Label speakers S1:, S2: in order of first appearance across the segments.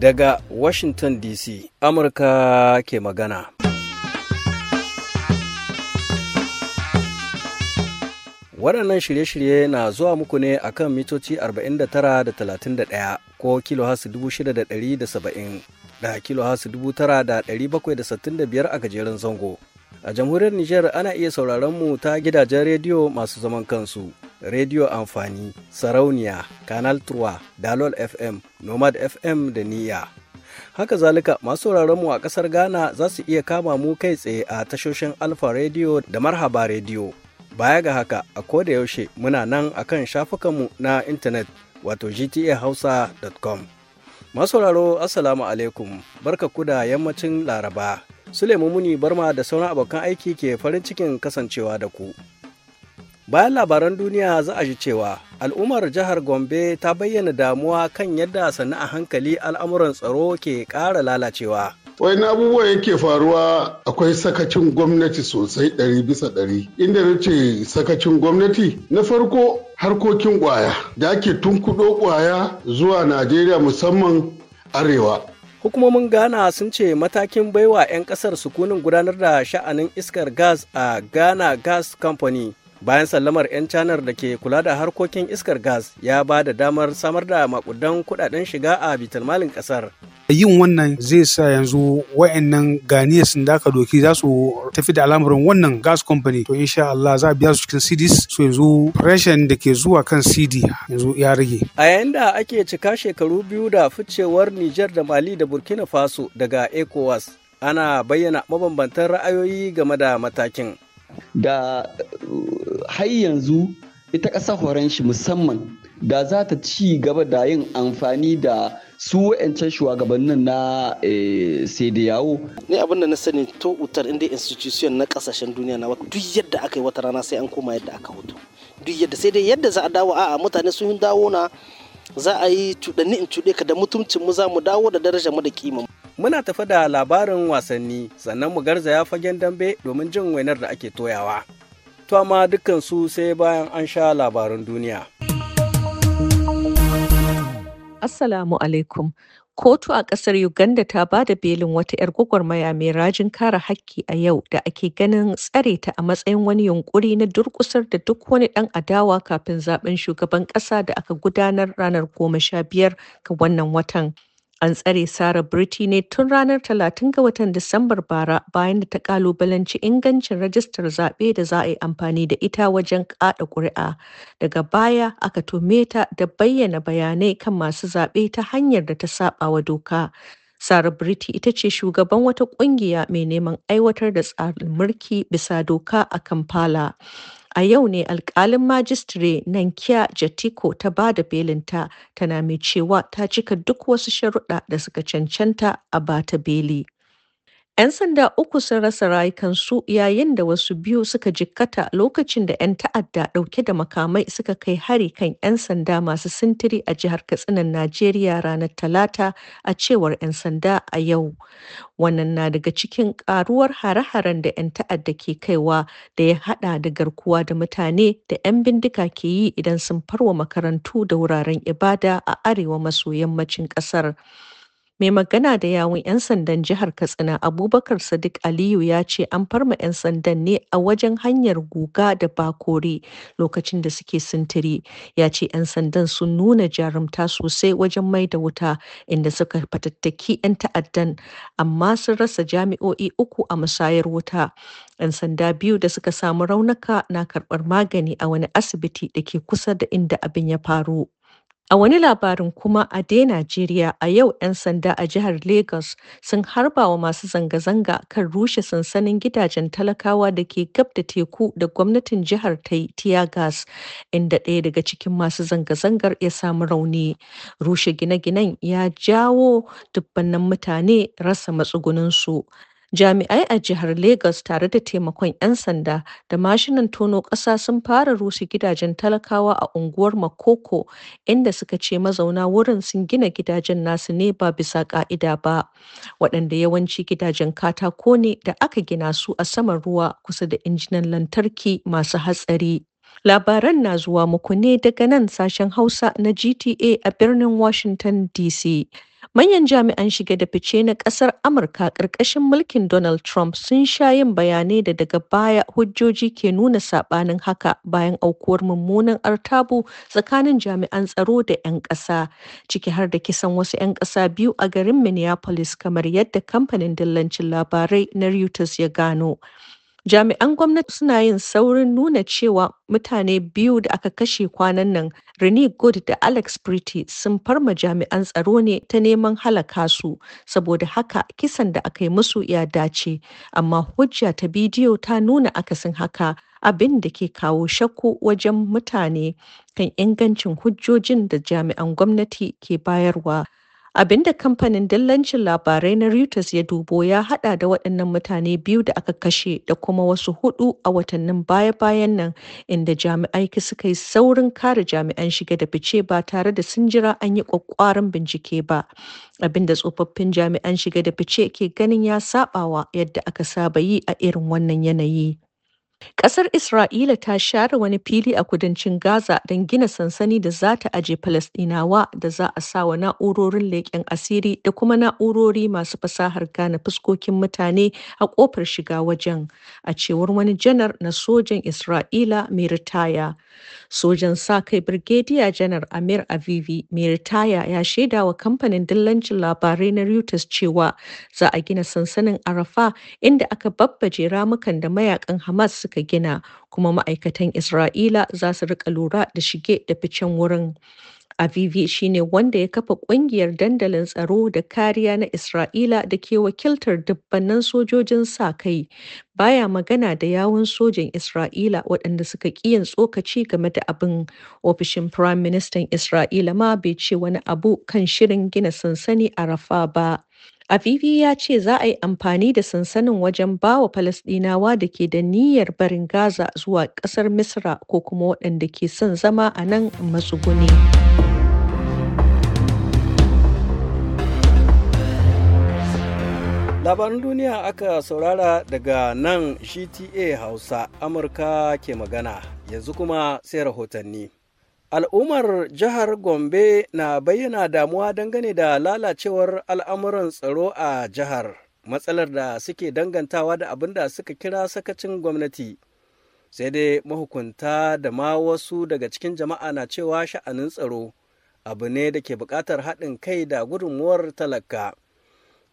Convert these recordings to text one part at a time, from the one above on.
S1: Daga Washington DC, Amurka ke magana. Waɗannan shirye-shirye na zuwa muku ne a kan mitoci 49.31 da ko kilohasu 6,770 da kilohasu 9,765 a gajeren zango. A jamhuriyar Nijar ana iya sauraron mu ta gidajen rediyo masu zaman kansu. radio amfani sarauniya canal 3 dalol fm nomad fm da niya haka zalika masu mu a kasar ghana za su iya kama mu kai tsaye a tashoshin alfa radio da marhaba radio baya ga haka a da yaushe muna nan a kan shafukanmu na intanet wato gtahausa.com masu sauraro assalamu alaikum barka kuda yammacin laraba Sule Muni Barma da sauran abokan aiki ke farin cikin kasancewa da ku. bayan labaran duniya za a ji cewa al'ummar jihar gombe ta bayyana damuwa kan yadda sannu a hankali al'amuran tsaro ke ƙara lalacewa
S2: Wai na abubuwa yake faruwa akwai sakacin gwamnati sosai ɗari bisa ɗari inda na ce sakacin gwamnati na farko harkokin ƙwaya da ake tunkuɗo ƙwaya zuwa najeriya musamman
S1: arewa hukumomin ghana sun ce matakin baiwa 'yan kasar sukunin gudanar da sha'anin iskar gas a ghana gas company bayan sallamar 'yan canar da ke kula da harkokin iskar gas ya ba da damar samar da makudan kudaden shiga a bitalmalin kasar
S3: yin wannan zai sa yanzu wa'annan ganiyar sun da doki za su tafi da al'amarin wannan gas company to insha Allah za a biya su cikin cds so yanzu pressure da ke zuwa kan cd yanzu ya rage
S1: a yayin da ake cika shekaru biyu da ficewar Nijar da Mali da Burkina Faso daga ECOWAS ana bayyana mabambantan
S4: ra'ayoyi game da matakin da uh, har yanzu ita ƙasar shi musamman da za ta ci gaba da yin amfani da su wa'ancan shugabannin na eh, sai da Ni abin da na sani to utar inda
S5: institution na kasashen duniya na duk yadda aka yi wata rana sai an koma yadda aka hoto. Duk yadda sai dai yadda za a dawo a'a mutane sun dawo na za a yi cuɗanni in cuɗe ka da mutuncin mu za mu dawo da darajar mu da kima.
S1: muna tafi da labarin wasanni sannan mu garzaya fagen dambe domin jin wainar da ake toyawa. To amma dukkansu sai bayan an sha labarin duniya.
S6: Assalamu alaikum. Kotu a ƙasar Uganda ta ba da belin wata 'yar gwagwarmaya mai rajin kare hakki a yau da ake ganin tsare ta a matsayin wani yunkuri na durƙusar da duk wani ɗan adawa kafin zaɓen shugaban ƙasa da aka gudanar ranar goma sha biyar ga wannan watan. An tsare Sarah birti ne tun ranar 30 ga watan Disambar bara bayan da ta kalubalanci ingancin rajistar zaɓe da za a yi amfani da ita wajen kaɗa ƙuri'a. Daga baya aka tume ta da bayyana bayanai kan masu zaɓe ta hanyar da ta saɓa wa doka. Sarah birti ita ce shugaban wata ƙungiya mai neman aiwatar da tsarin mulki bisa doka a Kampala. A yau ne alkalin majistare Nankia Jatiko ta ba da belinta, tana mai cewa ta cika duk wasu sharuɗa da suka cancanta a ba ta beli. 'Yan sanda uku sun rasa rayukansu yayin da wasu biyu suka jikkata lokacin da 'yan ta'adda ɗauke da makamai suka kai hari kan 'yan sanda masu sintiri a jihar Katsinan Najeriya ranar Talata a cewar 'yan sanda a yau. Wannan na daga cikin ƙaruwar hare-haren da 'yan ta'adda ke kaiwa da ya haɗa da garkuwa da mutane da 'yan bindiga ke yi idan sun farwa makarantu da wuraren ibada a arewa maso yammacin ƙasar. Mai magana da yawun 'yan sandan jihar Katsina Abubakar Sadiq Aliyu ya ce an farma 'yan sandan ne a wajen hanyar Guga da Bakore lokacin da suke sintiri. Ya ce 'yan sandan sun nuna jarumta sosai wajen mai da wuta inda suka fatattaki 'yan ta'addan amma sun rasa jami'o'i uku a musayar wuta. 'Yan sanda biyu da suka samu raunuka na karɓar magani a wani asibiti da ke kusa da inda abin ya faru. A wani labarin kuma a dai Najeriya, a yau 'yan sanda a jihar Legas sun harba wa masu zanga-zanga kan rushe sansanin gidajen talakawa da ke gab da teku da gwamnatin jihar ta yi tiyagas, inda ɗaya daga cikin masu zanga-zangar ya samu rauni. Rushe gine-ginen ya jawo dubbannan mutane rasa matsuguninsu. Jami'ai a Jihar Lagos tare da taimakon 'yan sanda da mashinan tono ƙasa sun fara rusa gidajen talakawa a unguwar Makoko inda suka ce mazauna wurin sun gina gidajen nasu ne ba bisa ƙa'ida ba, waɗanda yawanci gidajen katako ne da aka gina su a saman ruwa kusa da injinan lantarki masu hatsari. Labaran na zuwa muku ne daga nan sashen Hausa na GTA a birnin Washington DC. Manyan jami'an shige da fice na ƙasar Amurka ƙarƙashin mulkin Donald Trump sun sha yin bayanai da daga baya hujjoji ke nuna saɓanin haka bayan aukuwar mummunan artabu tsakanin jami'an tsaro da 'yan ƙasa, ciki har da kisan wasu 'yan ƙasa biyu a garin Minneapolis kamar yadda kamfanin dillancin labarai na Reuters ya gano. Jami'an gwamnati suna yin saurin nuna cewa mutane biyu da aka kashe kwanan nan, Renee Good da Alex Preety, sun farma jami'an tsaro ne ta neman halaka su, saboda haka kisan da aka yi musu ya dace, amma hujja ta bidiyo ta nuna akasin haka. abin da ke kawo shakku wajen mutane kan ingancin hujjojin da jami'an gwamnati ke bayarwa. abinda kamfanin dillancin labarai na Reuters ya dubo ya hada da waɗannan mutane biyu da aka kashe da kuma wasu hudu a watannin baya-bayan nan inda jami'ai suka yi saurin kare jami'an shiga da fice ba tare da sun jira an yi kwakwaran bincike ba. abinda tsofaffin jami'an shiga da fice ke ganin ya saɓawa yadda aka saba yi a irin wannan yanayi. Ƙasar Isra'ila ta share wani fili a kudancin Gaza don gina sansani da za ta aje Falasɗinawa da za a sawa na'urorin leƙen asiri da kuma na'urori masu fasahar gane fuskokin mutane a ƙofar shiga wajen, a cewar wani janar na sojan Isra'ila mai ritaya. Sojan sa-kai Birgediya Janar Amir Avivi mai ritaya ya shaida wa kamfanin dillancin labarai na Reuters cewa za a gina sansanin Arafa inda aka babbaje ramukan da mayakan Hamas suka gina kuma ma'aikatan Isra'ila za su rika lura da shige da ficen wurin. Avivi shi ne wanda ya kafa ƙungiyar Dandalin Tsaro da Kariya na Isra'ila da ke wakiltar dubbannan sojojin sa-kai baya magana da yawun sojin Isra'ila waɗanda suka ƙi yin tsokaci game da abin. Ofishin Prime Ministan Isra'ila ma bai ce wani abu kan shirin gina sansani a Rafa ba. Afifi ya ce za a yi amfani da sansanin wajen bawa Falasɗinawa da ke da niyyar barin Gaza zuwa ƙasar Misra ko kuma waɗanda ke son zama a nan matsuguni.
S1: Labaran duniya aka saurara daga nan GTA Hausa Amurka ke magana yanzu kuma sai rahotanni. Al'ummar jihar Gombe na bayyana damuwa dangane da lalacewar al'amuran tsaro a jihar, matsalar da suke dangantawa da abin da suka kira sakacin gwamnati. Sai dai mahukunta da ma wasu daga cikin jama'a na cewa sha'anin tsaro abu ne da ke buƙatar haɗin kai da gudunmuwar talaka.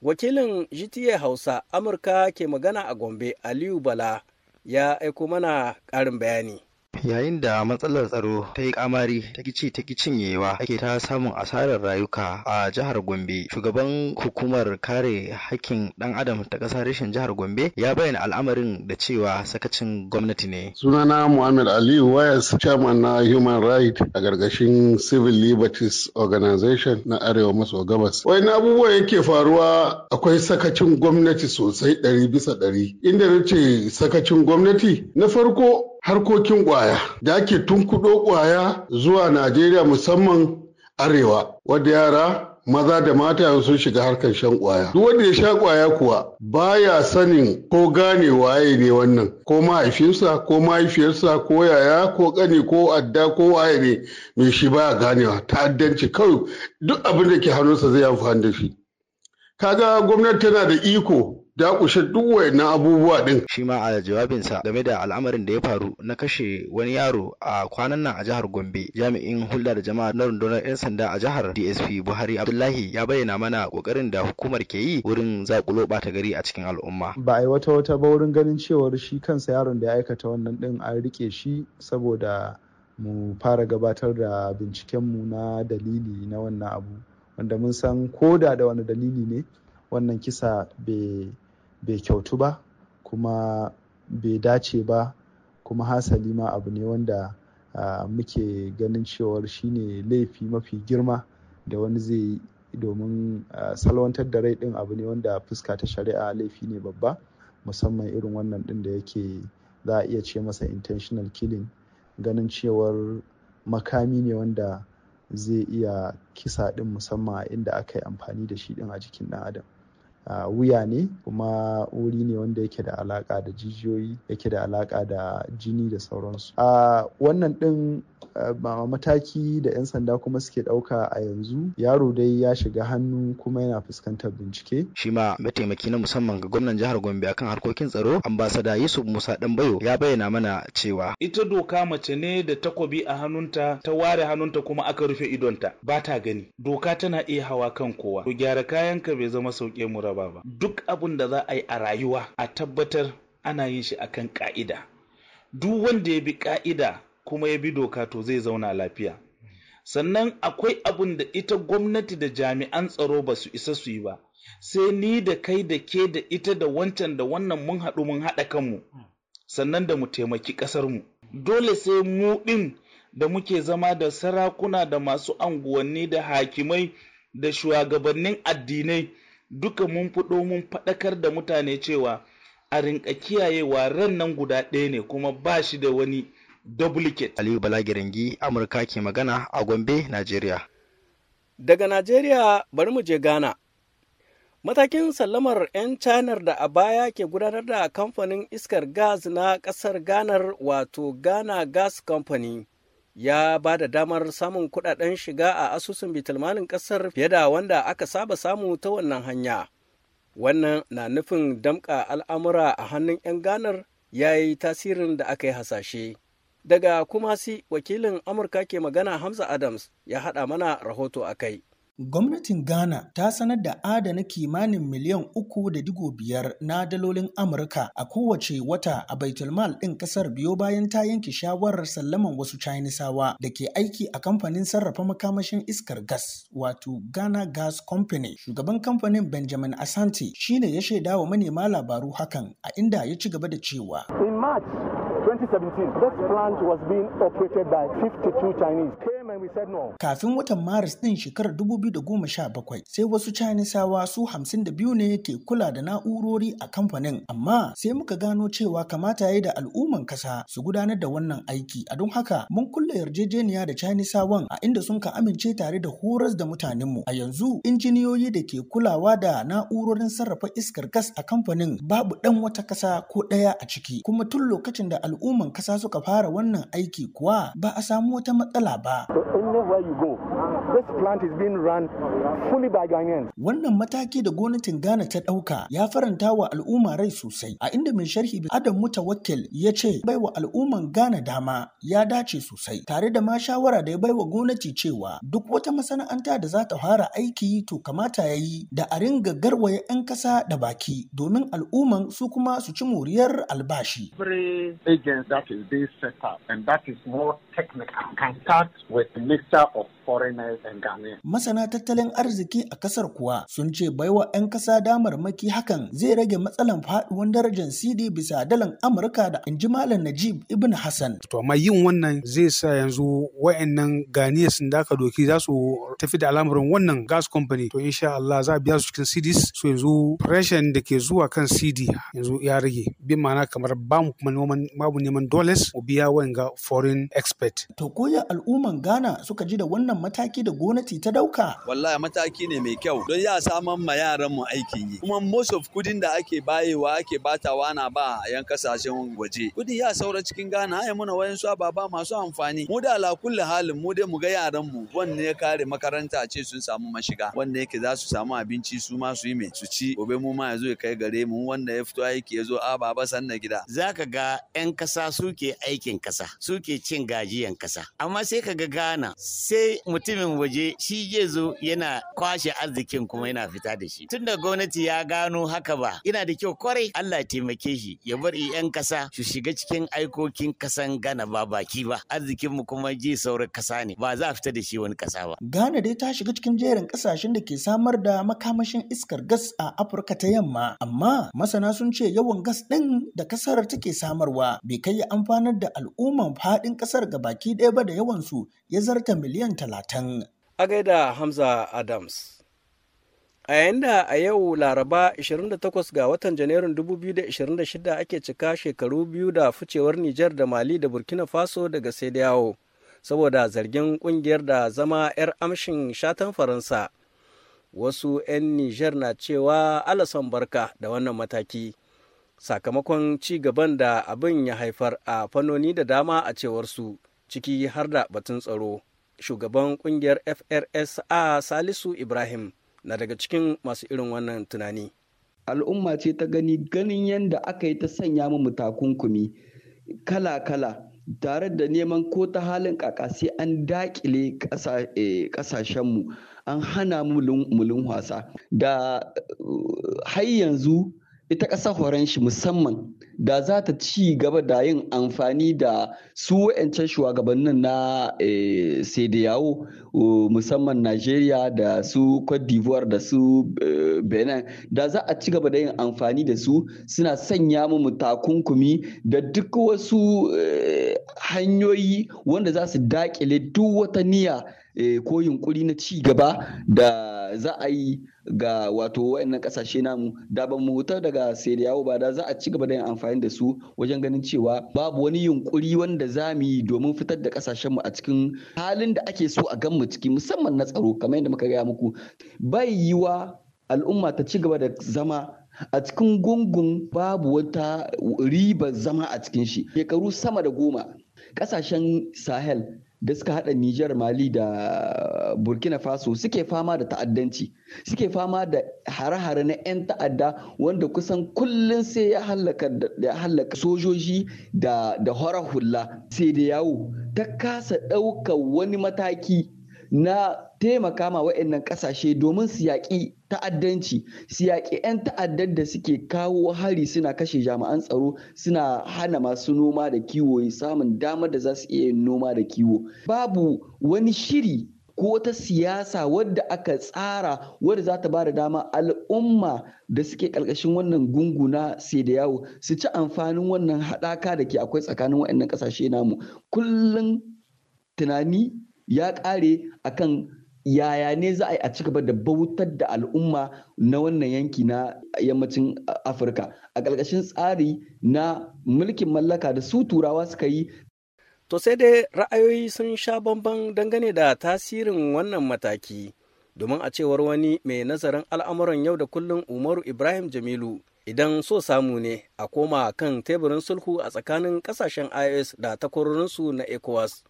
S1: Wakilin GTA Hausa Amurka ke magana a Gombe Aliyu Bala ya aiko mana ƙarin bayani.
S7: Yayin da matsalar tsaro ta yi kamari ta ƙici ta cinyewa ake ta samun asarar rayuka a jihar Gombe. Shugaban hukumar kare hakkin ɗan adam ta ƙasar reshen jihar Gombe ya bayyana al'amarin da cewa sakacin gwamnati ne.
S2: Sunana Muhammad Aliyu Wayas, chairman na Human Rights a gargashin Civil Liberties Organization na Arewa maso gabas. Wai na abubuwa yake faruwa akwai sakacin gwamnati sosai ɗari bisa ɗari. Inda nace sakacin gwamnati na farko harkokin ƙwaya da ake tunkuɗo ƙwaya zuwa Najeriya musamman arewa wadda yara maza da mata sun shiga harkar shan kwaya. Duk wanda ya sha kwaya kuwa baya sanin ko gane waye ne wannan ko mahaifinsa ko mahaifiyarsa ko yaya ko kani, ko adda ko waye ne mai shi baya ganewa ta'addanci kawai duk abin da ke hannunsa zai amfani da shi. Kaga gwamnati tana da iko dakushe duk wayannan abubuwa din shi
S7: ma a jawabinsa game da al'amarin da ya faru na kashe wani yaro a kwanan nan a jihar Gombe jami'in hulɗa da jama'a na rundunar 'yan sanda a jihar DSP Buhari Abdullahi ya bayyana mana kokarin da hukumar ke yi wurin zakulo bata gari a cikin al'umma
S8: ba a yi wata wata ba wurin ganin cewar shi kansa yaron da ya aikata wannan din an rike shi saboda mu fara gabatar da binciken mu na dalili na wannan abu wanda mun san koda da wani dalili ne wannan kisa bai bai kyautu ba kuma bai dace ba kuma hasali ma abu ne wanda muke ganin cewar shine laifi mafi girma da wani zai yi domin salwantar da rai din abu ne wanda fuska ta shari'a laifi ne babba musamman irin wannan din da yake za a iya ce masa intentional killing ganin cewar makami ne wanda zai iya kisa din musamman inda aka yi amfani da shi din a jikin ɗan adam wuya ne kuma wuri ne wanda yake da alaka da jijiyoyi yake da alaƙa da jini da sauransu a wannan din mataki da 'yan sanda kuma suke ɗauka a yanzu yaro dai ya shiga hannu kuma yana fuskantar bincike
S7: shi ma mataimaki na musamman ga gwamnan jihar gombe akan harkokin tsaro ambasada yusuf musa Ɗanbayo, ya bayyana mana cewa
S2: ita doka mace ne da takobi a hannunta ta ware hannunta kuma aka rufe idonta ba ta gani doka tana iya hawa kan kowa to gyara kayanka bai zama sauke mu ba duk abun da za a yi a rayuwa a tabbatar ana yin shi akan ka'ida duk wanda ya bi ka'ida kuma ya bi doka to zai zauna lafiya sannan akwai abun da ita gwamnati da jami'an tsaro ba su isa su yi ba sai ni da kai da ke da ita da wancan da wannan mun haɗu mun haɗa kanmu sannan da mu taimaki ƙasarmu dole sai mu ɗin da muke zama da sarakuna da masu anguwanni da hakimai da shugabannin addinai duka mun fito mun faɗakar da mutane cewa a rinka kiyayewa ran nan guda ɗaya ne kuma ba shi da wani duplicate. Aliyu Balagirangi Amurka
S7: ke magana a Gombe, Najeriya. Daga Najeriya bari mu je Ghana.
S1: Matakin sallamar 'yan China da a baya ke gudanar da kamfanin iskar gas na ƙasar Ghana wato Ghana Gas Company ya ba da damar samun kudaden shiga a asusun bitalmanin kasar fiye da wanda aka saba samu ta wannan hanya wannan na nufin damƙa al'amura a hannun 'yan ganar ya yi tasirin da aka yi hasashe daga kumasi wakilin amurka ke magana hamza adams ya haɗa mana rahoto a kai
S3: Gwamnatin Ghana ta sanar da adana kimanin miliyan uku da digo biyar na dalolin Amurka a kowace wata a baitulmal ɗin ƙasar biyo bayan ta yanke shawarar sallaman wasu Chinisawa da ke aiki a kamfanin sarrafa makamashin iskar gas wato Ghana Gas Company. Shugaban kamfanin Benjamin Asante shi ne ya shaida wa manema labaru hakan a inda ya ci gaba da cewa.
S2: In March 2017, this plant was being operated by 52 Chinese.
S3: Kafin watan Maris ɗin shekarar 2017 sai wasu Canisawa su 52 ne ke kula da na'urori a kamfanin amma sai muka gano cewa kamata ya da al'umman kasa su gudanar da wannan aiki a don haka mun kulle yarjejeniya da Canisawan a inda sun ka amince tare da horas da mutanenmu a yanzu injiniyoyi da ke kulawa da na'urorin sarrafa iskar gas a kamfanin babu ɗan wata kasa ko ɗaya a ciki kuma tun lokacin da al'umman kasa suka fara wannan aiki kuwa ba a samu wata matsala
S8: ba. anywhere you go. This plant is being run fully by Ghanaians. Wannan
S3: mataki da gwamnatin Ghana ta ɗauka ya faranta wa al'umma rai sosai. A inda mai sharhi Adam Mutawakkil ya ce baiwa al'umman Ghana dama ya dace sosai tare da ma shawara da ya baiwa gwamnati cewa duk wata masana'anta da za ta fara aiki to kamata ya yi da a ringa garwaya 'yan kasa da baki domin al'umman su kuma su ci moriyar
S2: albashi. Every agent that is being set up and that is more technical can start with Minister of Foreigners and Ghanaian.
S3: Masana tattalin arziki a kasar kuwa sun ce baiwa 'yan kasa damarmaki hakan zai rage matsalan faduwan darajar CD bisa dalan Amurka da ji Malam Najib Ibn Hassan. To amma yin wannan zai sa yanzu wayannan Ghana sun da ka doki za su tafi da al'amarin wannan gas company to insha Allah za a biya su cikin CDs so yanzu pressure da ke zuwa kan CD yanzu ya rage bi ma'ana kamar ba mu kuma neman dollars mu biya wa'anga foreign expert. To koya al'umman Ghana kana suka ji da wannan mataki da gwamnati ta dauka
S4: wallahi mataki ne mai kyau don ya saman ma yaran mu aikin yi kuma most of kudin da ake bayewa ake batawa na ba a yan kasashen waje kudi ya saura cikin Ghana ai muna wayan su baba masu amfani mu da ala kulli halin mu dai mu ga yaran mu wanne ya kare makaranta ce sun samu mashiga wanda yake za su samu abinci su ma su yi mai su ci gobe mu ma yazo ya kai gare mu wanda ya fito aiki ya zo a baba sanna gida zaka ga yan kasa suke aikin kasa suke cin gajiyan kasa amma sai ka
S3: ga gana sai mutumin waje shi zai zo yana kwashe arzikin kuma yana fita da shi tunda gwamnati ya gano haka ba yana da kyau kwarai Allah taimake shi ya bar 'yan kasa su shiga cikin aikokin kasan gana ba baki ba arzikin mu kuma ji sauran kasa ne ba za a fita da shi wani kasa ba Ghana dai ta shiga cikin jerin kasashen da ke samar da makamashin iskar gas a Afirka ta yamma amma masana sun ce yawan gas din da kasar take samarwa bai kai amfanar da al'umman faɗin kasar ga baki ɗaya ba da yawan su ya zarta miliyan talatin.
S1: A gaida Hamza Adams. A yayin da a yau Laraba 28 ga watan Janairun 2026 ake cika shekaru biyu da ficewar Nijar da Mali da Burkina Faso daga sai yawo, saboda zargin kungiyar da zama 'yar amshin shatan Faransa. Wasu 'yan Nijar na cewa alasan barka da wannan mataki. Sakamakon ci gaban da abin ya haifar a fannoni da dama a cewarsu. ciki har da batun tsaro shugaban kungiyar frsa salisu ibrahim na daga cikin
S4: masu irin wannan tunani al'umma ce ta gani ganin yadda aka yi ta sanya mu takunkumi kala-kala tare da neman ko ta halin kaka sai an dakile eh, mu, an hana mu mulun wasa da eh, har yanzu ita ƙasar shi musamman da za ta ci gaba da yin amfani da su wa'ancan shugabannin na yawo eh, musamman Najeriya da su Cote d'Ivoire da su eh, Benin da za a ci gaba da yin amfani da su suna sanya mu takunkumi da duk wasu eh, hanyoyi wanda za su daƙile duk wata niyya ko yunkuri na ci gaba da za a yi ga wato wayannan kasashe namu da ban mu hutar daga sediyawo ba da za a ci gaba da yin amfani da su wajen ganin cewa babu wani yunkuri wanda za mu yi domin fitar da kasashen mu a cikin halin da ake so a gan mu ciki musamman na tsaro kamar yadda muka gaya muku bai yiwa al'umma ta ci gaba da zama a cikin gungun babu wata ribar zama a cikin shi shekaru sama da goma ƙasashen sahel da suka hada Nijar Mali da Burkina Faso suke fama da ta'addanci suke fama da hare-hare na 'yan ta'adda wanda kusan kullum sai ya hallaka sojoji da hora hula sai da yawo ta kasa ɗaukar wani mataki na taimaka ma wa'annan kasashe domin su yaƙi ta'addanci su yaƙi 'yan ta'addar da suke kawo hari suna kashe jami'an tsaro suna hana masu noma da kiwo samun damar da za su iya yin noma da kiwo babu wani shiri ko wata siyasa wadda aka tsara wadda za ta da dama al'umma da suke ƙarƙashin wannan gunguna sai da yawo su ci amfanin wannan haɗaka da ke akwai tsakanin waɗannan ƙasashe namu kullum tunani ya ƙare akan yaya ne za a yi a ci gaba da bautar da al'umma na wannan yanki na yammacin afirka a ƙarƙashin tsari na mulkin mallaka da su turawa suka yi to sai dai ra'ayoyi sun sha bamban
S1: dangane da tasirin wannan mataki domin a cewar wani mai nazarin al'amuran yau da kullum umaru ibrahim jamilu idan so samu ne a koma kan teburin sulhu a tsakanin kasashen is da takwarorinsu na ecowas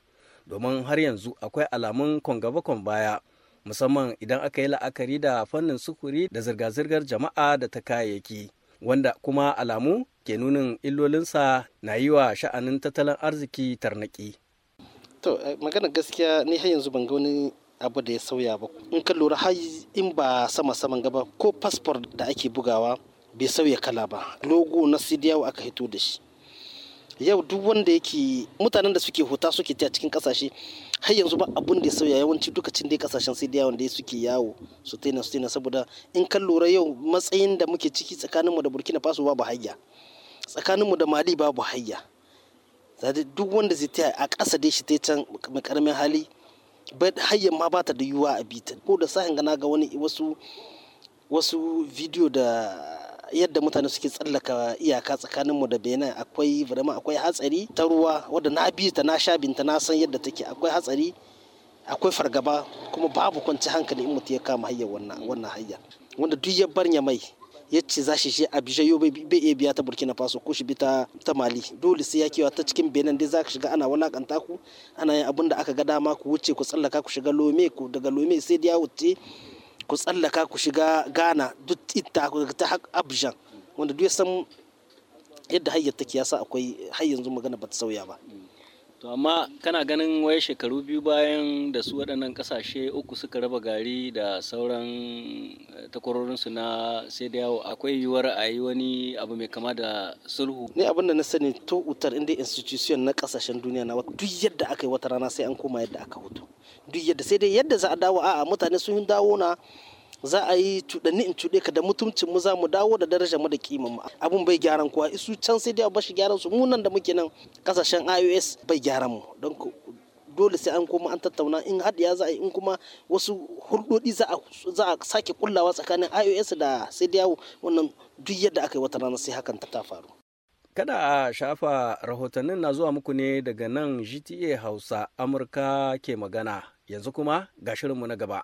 S1: domin har yanzu akwai alamun kwangaba baya musamman idan aka yi la'akari da fannin sufuri da zirga-zirgar jama'a da ta kayayyaki wanda kuma alamu ke nunin illolinsa na yi wa sha'anin tattalin arziki tarnaki.
S5: to eh, magana gaskiya ni har yanzu ban ga wani abu da ya sauya ba in ka lura har in ba sama saman gaba ko fasfor da ake bugawa bai sauya kala ba logo na sidiyawa aka hito da shi yau duk wanda yake mutanen da suke hota suke ta cikin kasashe har yanzu ba abun da ya sauya yawanci cin dai kasashen sai da yawan suke yawo su taina su taina saboda in kan lura yau matsayin da muke ciki tsakaninmu da burkina faso babu hayya mu da mali babu hayya duk wanda zai taya a ƙasa dai shi ta can mai karamin hali hayyan ma ba ta da yiwuwa a bita ko da sahin na ga wani wasu wasu bidiyo da yadda mutane suke tsallaka iyaka tsakaninmu da benin akwai vrema akwai hatsari ta ruwa wadda na bi ta na sha binta na san yadda take akwai hatsari akwai fargaba kuma babu kwanci hankali in mutum ya kama hayya wannan hayya wanda duk ya bar ya mai ya ce za shi je bishe yau bai iya biya ta burkina faso ko shi bi ta ta mali dole sai ya kewa ta cikin benin dai za ka shiga ana walakanta ku ana yin abin da aka ga dama ku wuce ku tsallaka ku shiga lome ku daga lome sai da ya wuce ku tsallaka ku shiga ghana duk ita ta abjan wanda duk ya san yadda hayyar take yasa akwai har yanzu magana bata sauya ba
S1: to amma kana ganin wai shekaru biyu bayan da su waɗannan ƙasashe uku suka raba gari da sauran eh, takwarorinsu na sai da yawo akwai yiwuwar a yi wani abu mai kama da sulhu ni abin da na
S5: sani to utar inda institution na ƙasashen duniya na duk yadda aka yi wata rana sai an koma yadda aka hutu duk yadda sai dai yadda za a dawo a'a mutane sun dawo na za a yi cuɗanni in cuɗe ka da mutuncin mu za mu dawo da darajar mu da kimar mu abun bai gyaran kuwa isu can sai dai a bashi gyaran su mu nan da muke nan kasashen iOS bai gyaran mu don dole sai an koma an tattauna in haɗiya za a yi in kuma wasu hulɗoɗi za a sake kullawa tsakanin iOS da sai dai wannan duk yadda aka yi wata rana sai hakan ta faru
S1: Kada a shafa rahotannin na zuwa muku ne daga nan GTA Hausa Amurka ke magana yanzu kuma ga shirinmu na gaba.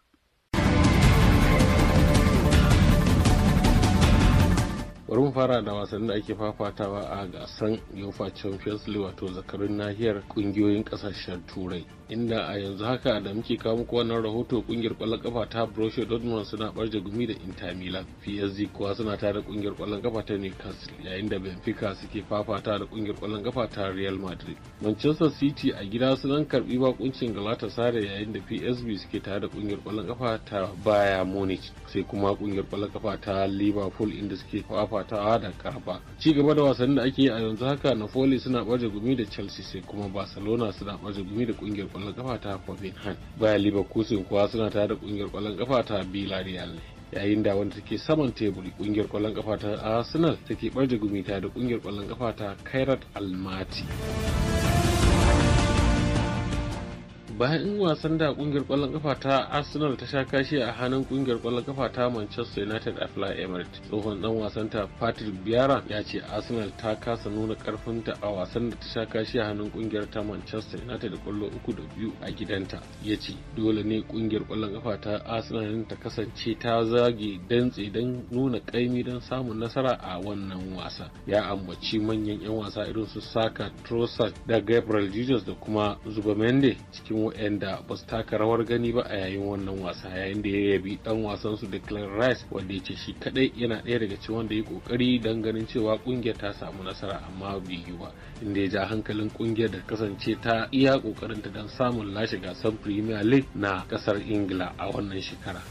S9: bari mu fara da wasannin da ake fafatawa a gasan yofa champions league wato zakarun nahiyar kungiyoyin kasashen turai inda a yanzu haka da muke kawo muku wannan rahoto kungiyar kwallon kafa ta borussia dortmund suna barje gumi da inter milan psg kuwa suna tare da kungiyar kwallon kafa ta newcastle yayin da benfica suke fafata da kungiyar kwallon kafa ta real madrid manchester city a gida sunan karbi bakuncin galatasaray yayin da psv suke tare da kungiyar kwallon kafa ta bayern munich sai kuma kungiyar kwallon kafa ta liverpool inda suke fafa fafatawa da karba ci gaba da wasannin da ake yi a yanzu haka napoli suna barje gumi da chelsea sai kuma barcelona suna baje gumi da kungiyar kwallon kafa ta copenhagen bayan leverkusen kuwa suna tare da kungiyar kwallon kafa ta villarreal yayin da wanda take saman teburi kungiyar kwallon kafa ta arsenal take barje gumi ta da kungiyar kwallon kafa ta kairat almati bayan in wasan da kungiyar kwallon kafa ta arsenal ta sha kashi a hannun kungiyar kwallon kafa ta manchester united a fly emirates tsohon dan wasan ta patrick biara ya ce arsenal ta kasa nuna karfinta a wasan da ta sha kashi a hannun kungiyar ta manchester united kwallo uku da biyu a gidanta ya ce dole ne kungiyar kwallon kafa ta arsenal ta kasance ta zage dantse don nuna kaimi don samun nasara a wannan wasa ya ambaci manyan 'yan wasa irin su saka trossard da gabriel jesus da kuma mende cikin waɗanda ba su taka rawar gani ba a yayin wannan wasa yayin da ya yabi dan wasan su Declan Rice wanda ya ce shi kadai yana ɗaya daga cikin wanda ya kokari dan ganin cewa kungiyar ta samu nasara amma bai yi ba inda ya ja hankalin kungiyar da kasance ta iya kokarinta don samun lashe gasar Premier League na kasar Ingila a wannan shekara.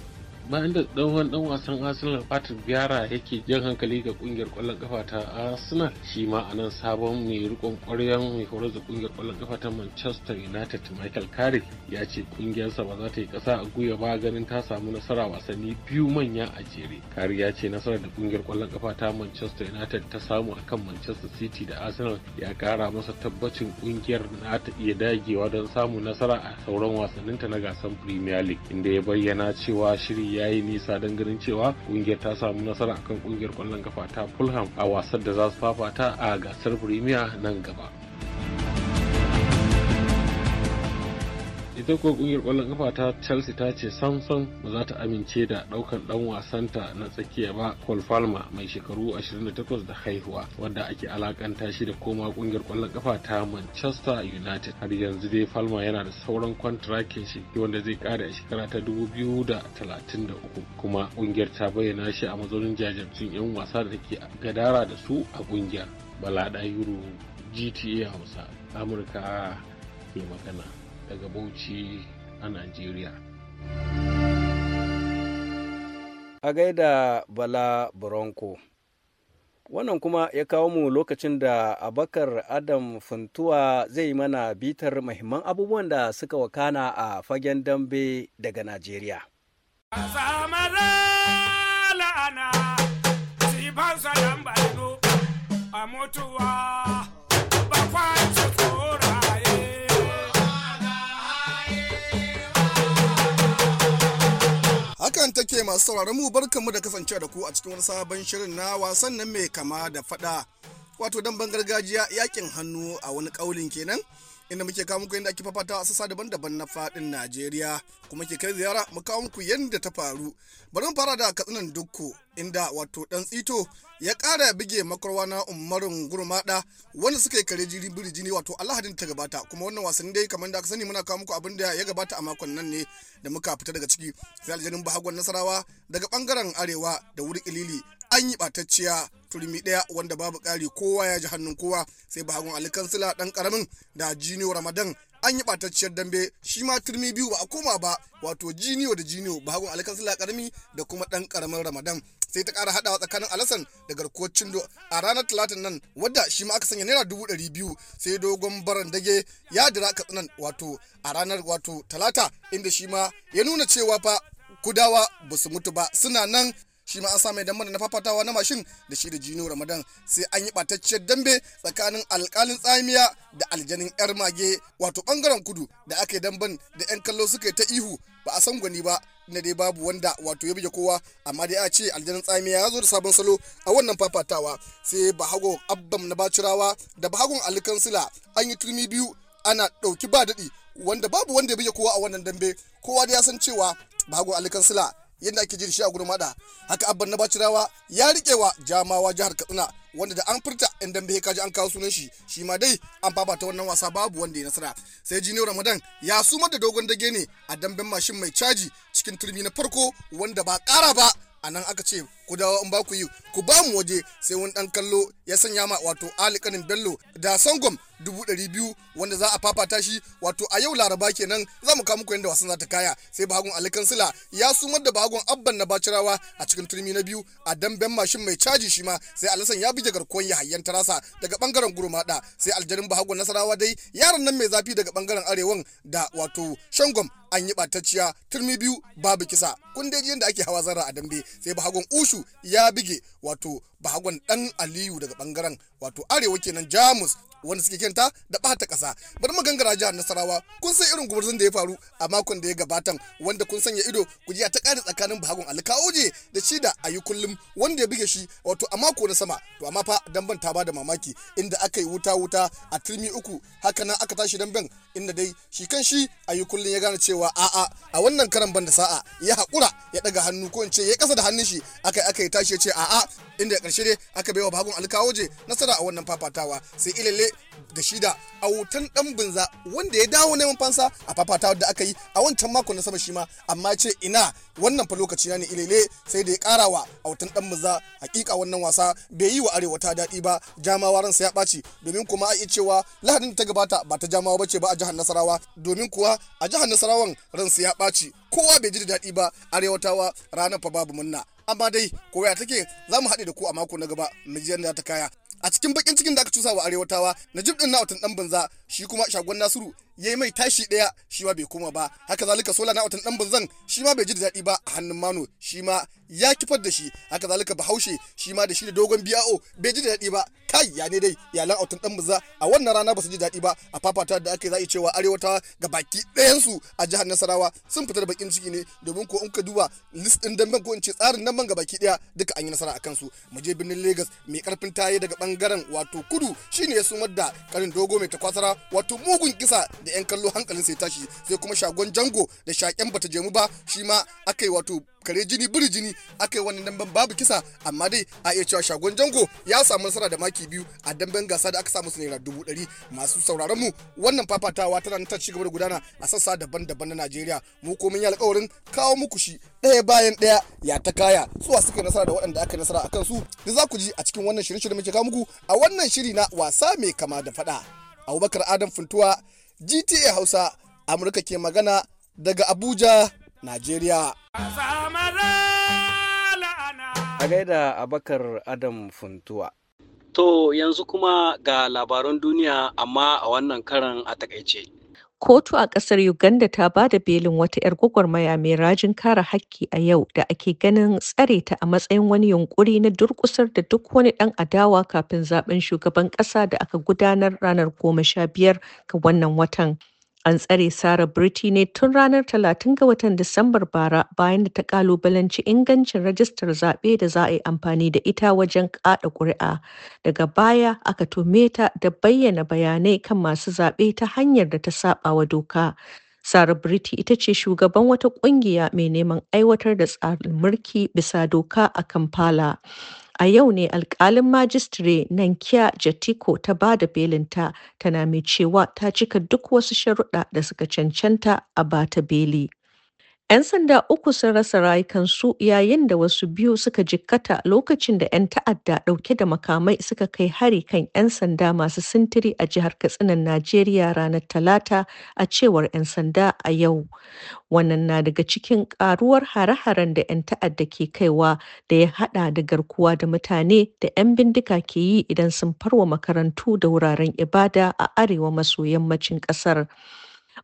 S9: bayan da dan ɗan wasan arsenal patrick biara yake jan hankali ga kungiyar kwallon kafa ta arsenal shi ma a nan sabon mai rikon ƙwaryan mai horar da kungiyar kwallon kafa ta manchester united michael carrick ya ce kungiyarsa ba za ta yi ƙasa a gwiwa ba ganin ta samu nasara wasanni biyu manya a jere carrick ya ce nasarar da kungiyar kwallon kafa ta manchester united ta samu akan manchester city da arsenal ya kara masa tabbacin kungiyar na ta iya dagewa don samun nasara a sauran wasanninta na gasar premier league inda ya bayyana cewa shiri ya ya yi nisa don ganin cewa kungiyar ta samu nasara akan kungiyar kwallon kafa ta fulham a wasan da za su fafata a gasar premier nan gaba. ita ko kungiyar kwallon kafa ta chelsea ta ce samson ba za ta amince da daukan dan wasanta na tsakiya ba paul palmer mai shekaru 28 da haihuwa wanda ake alakanta shi da koma kungiyar kwallon kafa ta manchester united har yanzu dai palmer yana da sauran kwantrakin shi wanda zai kare a shekara ta 2033 kuma kungiyar ta bayyana shi a mazaunin jajirtun yan wasa da take gadara da su a kungiyar bala da yuro gta hausa amurka ke magana daga Bauchi a Najeriya. A gaida
S1: Bala Bronco. Wannan kuma ya kawo mu lokacin da Abakar Adam Funtuwa zai yi mana bitar mahimman abubuwan da suka wakana a fagen dambe daga Najeriya.
S7: la'ana, a mutu.
S10: take masu sauraron mu mu da kasance da ku a cikin wani sabon shirin na wasan nan mai kama da fada wato damben gargajiya yakin hannu a wani kaulin kenan inda muke kawo muku yadda ake fafata a sassa daban-daban na fadin Najeriya kuma ke kai ziyara mu kawo muku yadda ta faru. Bari mu fara da katsinan dukku inda wato dan tsito ya kara bige makarwa na umarin gurmada wanda suka yi kare jiri jini wato alhadin ta gabata kuma wannan wasan dai kamar da aka sani muna kawo muku abin da ya gabata a makon nan ne da muka fita daga ciki sai aljanin bahagon nasarawa daga bangaren arewa da wuri ilili an yi ɓatacciya turmi ɗaya wanda babu ƙari kowa ya ji hannun kowa sai hagun alikansila ɗan ƙaramin da jiniyo ramadan an yi ɓatacciyar dambe shi ma turmi biyu ba a koma ba wato jiniyo da jiniyo hagun alikansila ƙarami da kuma ɗan ƙaramin ramadan sai ta ƙara haɗawa tsakanin alasan da garkuwar cindo a ranar talatin nan wadda shi ma aka sanya naira dubu ɗari biyu sai dogon baran dage ya dira katsinan wato a ranar wato talata inda shi ma ya nuna cewa fa kudawa ba su mutu ba suna nan shi ma an sa mai dambe na fafatawa na mashin da shi da jino ramadan sai an yi ɓatacciyar dambe tsakanin alkalin tsamiya da aljanin yar mage wato bangaren kudu da aka yi damben da yan kallo suka yi ta ihu ba a san gwani ba na dai babu wanda wato ya buge kowa amma dai a ce aljanin tsamiya ya zo da sabon salo a wannan fafatawa sai bahago abbam na bacirawa da bahagon alikansila an yi turmi biyu ana ɗauki ba daɗi wanda babu wanda ya buge kowa a wannan dambe kowa da ya san cewa bahagon alikansila yadda ake jin a gurin mada haka abban na bacirawa ya rike wa jamawa jihar katsina wanda da an furta in dambe kaji an kawo sunan shi shi ma dai an ta wannan wasa babu wanda ya nasara sai jiniyo ramadan ya sumar da dogon dage ne a damben mashin mai caji cikin turmi na farko wanda ba kara ba a nan aka ce ku dawo in ba ku yi ku ba mu waje sai wani dan kallo ya sanya ma wato alikanin bello da sangom dubu ɗari biyu wanda za a fafata shi wato a yau laraba kenan za mu kawo muku yadda wasan za ta kaya sai bahagun sila ya sumar da bahagun abban na bacirawa a cikin turmi na biyu a damben mashin mai caji shi ma sai alasan ya bige garkuwan ya hayyan tarasa daga bangaren da sai aljarin bahagun nasarawa dai yaran nan mai zafi daga bangaren arewan da wato shangom an yi ɓatacciya turmi biyu babu kisa kun dai yadda ake hawa zara a dambe sai bahagon ushu ya bige wato bahagon dan aliyu daga bangaren wato arewa kenan jamus wanda suke kenta da bata kasa bari mu gangara jihar nasarawa kun san irin gumurzun da ya faru a makon da ya gabatan wanda kun sanya ido kujiya ta kare tsakanin bahagon alkaoje da shi da ayi kullum wanda ya buge shi wato a mako na sama to amma fa ban taba da mamaki inda aka yi wuta wuta a turmi uku haka nan aka tashi damben inda dai shi kan shi ayi kullum ya gane cewa a a wannan karan ban da sa'a ya hakura ya daga hannu ko in ce ya kasa da hannun shi aka aka yi tashi ya ce a'a inda karshe dai aka bai baiwa bahagun alkawoje nasara a wannan fafatawa sai ilele da shida a hutan dan binza wanda ya dawo neman fansa a fafatawar da aka yi a wancan makon na sama shi ma amma ce ina wannan fa lokaci ne ilele sai da ya karawa a hutan dan binza hakika wannan wasa bai yi wa arewa ta daɗi ba jamawa ransa ya ɓaci domin kuma a iya cewa lahadin ta gabata ba ta jamawa ce ba a jihar nasarawa domin kuwa a jihar nasarawan ransa ya ɓaci kowa bai ji da daɗi ba arewatawa ranar fa babu munna amma dai koya take za mu haɗe da ku a mako na gaba mu ji ta kaya a cikin bakin cikin da aka cusa wa arewatawa na najib din watan dan banza shi kuma shagon nasiru ya yi mai tashi ɗaya shi ma bai koma ba haka zalika sola na watan dan banzan shi ma bai ji da daɗi ba a hannun mano shi ma ya kifar da shi haka zalika bahaushe shi ma da shi da dogon biya'o bai ji daɗi ba kai ya ne dai iyalan autan dan za a wannan rana ba su ji daɗi ba a fafata da aka yi cewa arewata ga baki ɗayan su a jihar nasarawa sun fita da bakin ciki ne domin ko in ka duba list ɗin damben ko in ce tsarin ban ga baki ɗaya duka an yi nasara a kansu mu je birnin lagos mai karfin taye daga bangaren wato kudu shine ya sumar da karin dogo mai takwasara wato mugun kisa da yan kallo hankalin sai tashi sai kuma shagon jango da shaken bata jemu ba shi ma aka yi wato kare jini biri jini aka yi wani damben babu kisa amma dai a iya cewa shagon jango ya samu nasara da maki biyu a damben gasa da aka samu su naira dubu ɗari masu sauraron mu wannan fafatawa tana ta ci gaba da gudana a sassa daban-daban na Najeriya mu ko mun yi alƙawarin kawo muku shi ɗaya bayan ɗaya ya ta kaya suwa suka yi nasara da waɗanda aka yi nasara a kansu da za ku ji a cikin wannan shirin shirin muke kawo muku a wannan shiri na wasa mai kama da faɗa Abubakar Adam Funtuwa GTA Hausa Amurka ke magana daga Abuja, Najeriya.
S1: A gaida Abakar Adam Funtuwa. To yanzu kuma ga labaran duniya amma a wannan karan a takaice.
S6: Kotu a ƙasar Uganda ta ba da belin wata 'yar gwagwarmaya mai rajin kare hakki a yau da ake ganin tsare ta a matsayin wani yunkuri na durƙusar da duk wani ɗan adawa kafin zaben shugaban ƙasa da aka gudanar ranar goma sha biyar ga wannan watan. An tsare Sarah Brity ne tun ranar 30 ga watan Disambar bara bayan da ta kalubalanci ingancin rajistar zaɓe da za a yi amfani da ita wajen kaɗa ƙuri'a. Daga baya aka tume ta da bayyana bayanai kan masu zaɓe ta hanyar da ta saɓa wa doka. Sarah Brity ita ce shugaban wata ƙungiya mai neman aiwatar da tsarin mulki bisa doka a Kampala. A yau ne alƙalin majistire Nankia Jatiko ta ba da belinta, tana mai cewa ta cika duk wasu sharuɗa da suka cancanta a bata beli. ‘Yan sanda uku sun rasa rayukansu yayin da wasu biyu suka jikkata lokacin da ‘yan ta'adda ɗauke da makamai suka kai hari kan ‘yan sanda masu sintiri a jihar Katsinan Najeriya ranar Talata a cewar ‘yan sanda a yau. Wannan na daga cikin ƙaruwar hare-haren da ‘yan ta'adda ke kaiwa da ya haɗa da garkuwa da mutane da ‘yan bindiga ke yi idan sun farwa makarantu da wuraren ibada a arewa maso yammacin ƙasar.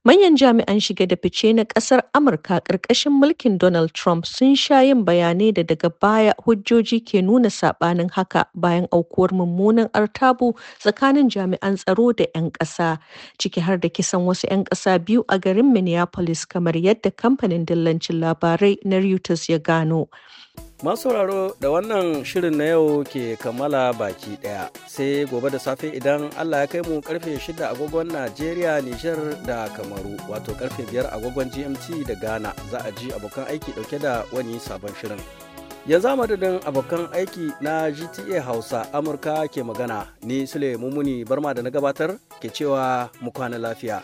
S6: Manyan jami'an shiga da fice na ƙasar Amurka ƙarƙashin mulkin Donald Trump sun sha yin bayanai da daga baya hujjoji ke nuna saɓanin haka bayan aukuwar mummunan artabu tsakanin jami'an tsaro da 'yan ƙasa, ciki har da kisan wasu 'yan ƙasa biyu a garin Minneapolis kamar yadda kamfanin dillancin labarai na Reuters ya gano.
S1: Masu sauraro da wannan shirin na yau ke kammala baki daya sai gobe da safe idan Allah ya kai mu karfe 6 agogon Najeriya, Nijar da Kamaru wato karfe 5 agogon GMT da Ghana za a ji abokan aiki dauke da wani sabon shirin. Yanzu madadin abokan aiki na GTA Hausa Amurka ke magana ni Sule Mumuni Barma da na gabatar ke cewa mu kwana lafiya.